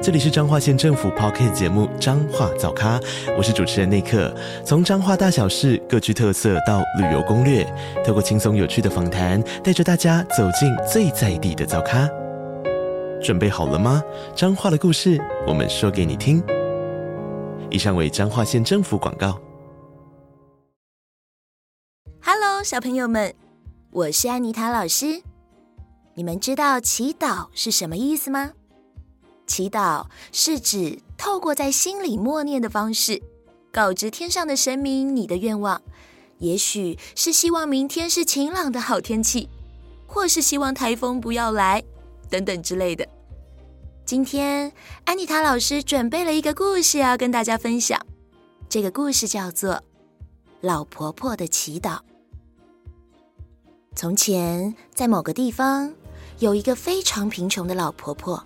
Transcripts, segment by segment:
這裡是彰化縣政府 Podcast 節目《彰化早咖》，我是主持人內克。從彰化大小事各具特色到旅遊攻略，透過輕鬆有趣的訪談，帶着大家走進最在地的早咖。準備好了嗎？彰化的故事，我們說給你聽。以上為彰化縣政府廣告。Hello，小朋友們，我是安妮塔老師。你們知道祈禱是什麼意思嗎？祈禱是指透過在心裡默念的方式，告知天上的神明你的願望，也許是希望明天是晴朗的好天氣，或是希望颱風不要來，等等之類的。今天安妮塔老師準備了一個故事要跟大家分享，這個故事叫做《老婆婆的祈禱》。從前，在某個地方，有一個非常貧窮的老婆婆。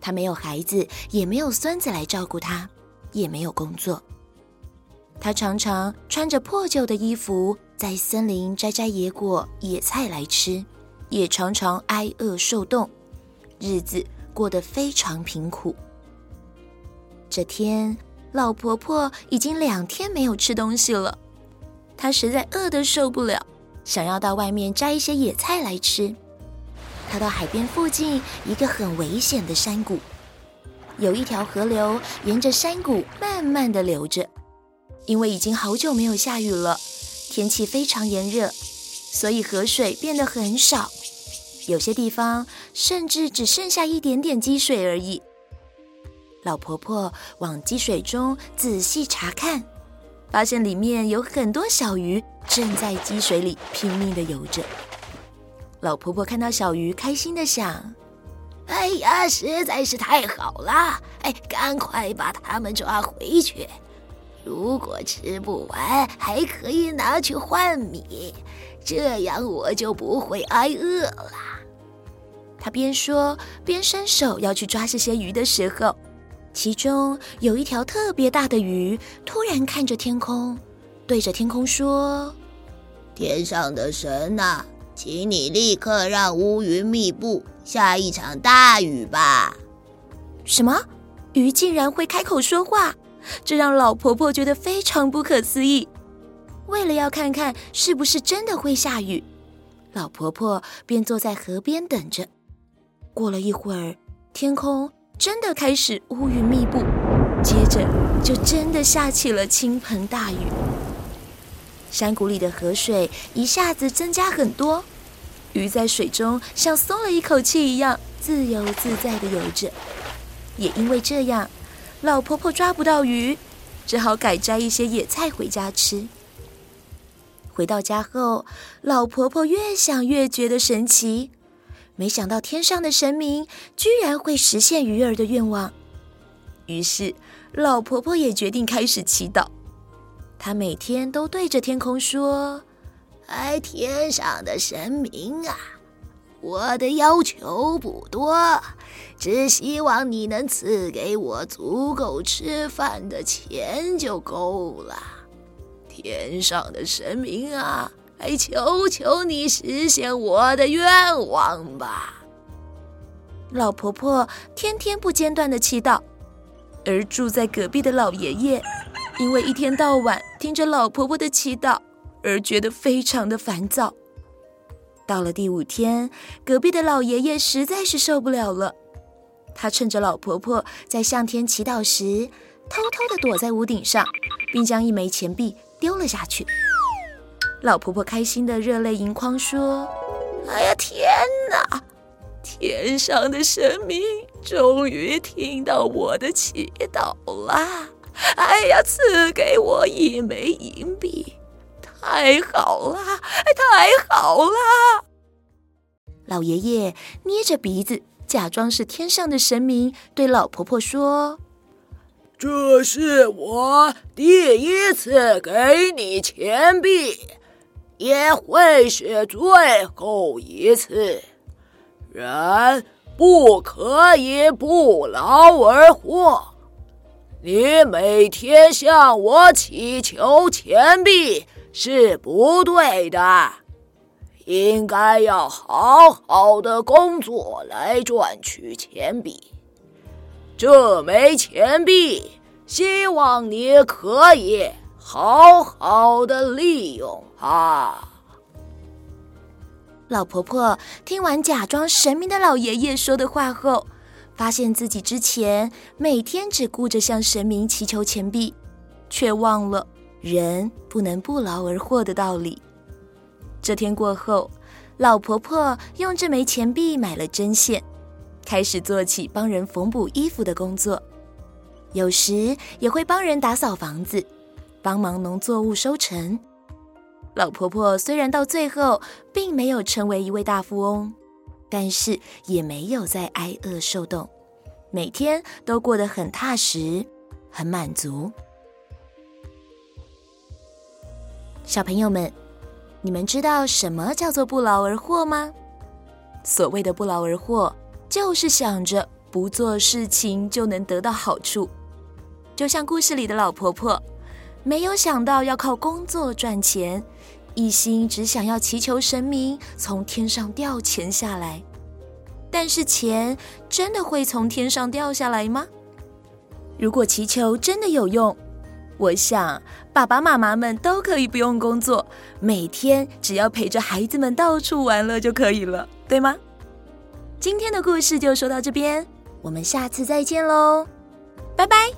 她沒有孩子，也沒有孫子來照顧她，也沒有工作。她常常穿着破舊的衣服，在森林摘摘野果、野菜來吃，也常常挨餓受凍，日子過得非常貧苦。這天，老婆婆已經兩天沒有吃東西了，她實在餓得受不了，想要到外面摘一些野菜來吃。他到海邊附近一個很危險的山谷，有一條河流沿着山谷慢慢的流着。因為已經好久沒有下雨了，天氣非常炎熱，所以河水變得很少，有些地方甚至只剩下一點點積水而已。老婆婆往積水中仔細查看，發現裡面有很多小魚正在積水裡拼命的游着。老婆婆看到小魚，開心地想：“哎呀，實在是太好了！哎，趕快把它們抓回去。如果吃不完，還可以拿去換米，這樣我就不會挨餓了。”她邊說邊伸手要去抓這些魚的時候，其中有一條特別大的魚突然看着天空，對着天空說：“天上的神吶！”請你立刻讓烏雲密布，下一場大雨吧！什麼？魚竟然會開口說話，這讓老婆婆覺得非常不可思議。為了要看看是不是真的會下雨，老婆婆便坐在河邊等着。過了一會兒，天空真的開始烏雲密布，接着就真的下起了傾盆大雨。山谷裡的河水一下子增加很多。魚在水中像鬆了一口氣一樣，自由自在地游着。也因為這樣，老婆婆抓不到魚，只好改摘一些野菜回家吃。回到家後，老婆婆越想越覺得神奇，沒想到天上的神明居然會實現魚兒的願望。於是，老婆婆也決定開始祈禱。她每天都對着天空說，哎，天上的神明啊，我的要求不多，只希望你能賜給我足夠吃飯的錢就夠了。天上的神明啊，哎，求求你實現我的願望吧！老婆婆天天不間斷地祈禱，而住在隔壁的老爺爺，因為一天到晚聽着老婆婆的祈禱。而覺得非常的煩躁。到了第五天，隔壁的老爺爺實在是受不了了，他趁着老婆婆在向天祈禱時，偷偷的躲在屋頂上，並將一枚錢幣丟了下去。老婆婆開心的熱淚盈眶說：“哎呀，天哪！天上的神明終於聽到我的祈禱了！哎呀，賜給我一枚銀幣！”太好了，太好了！老爺爺捏着鼻子，假裝是天上的神明，對老婆婆說：“這是我第一次給你錢幣，也會是最後一次。人不可以不勞而獲，你每天向我祈求錢幣。”是不對的，應該要好好的工作來賺取錢幣。這枚錢幣，希望你可以好好的利用它！老婆婆聽完假裝神明的老爺爺說的話後，發現自己之前每天只顧着向神明祈求錢幣，卻忘了。人不能不勞而獲的道理。這天過後，老婆婆用這枚錢幣買了針線，開始做起幫人縫補衣服的工作，有時也會幫人打掃房子，幫忙農作物收成。老婆婆雖然到最後並沒有成為一位大富翁，但是也沒有再挨餓受凍，每天都過得很踏實，很滿足。小朋友們，你們知道什麼叫做不勞而獲嗎？所謂的不勞而獲，就是想着不做事情就能得到好處。就像故事裡的老婆婆，沒有想到要靠工作賺錢，一心只想要祈求神明從天上掉錢下來。但是錢真的會從天上掉下來嗎？如果祈求真的有用，我想，爸爸媽媽們都可以不用工作，每天只要陪着孩子們到處玩樂就可以了，對嗎？今天的故事就說到這邊，我們下次再見嘍，拜拜。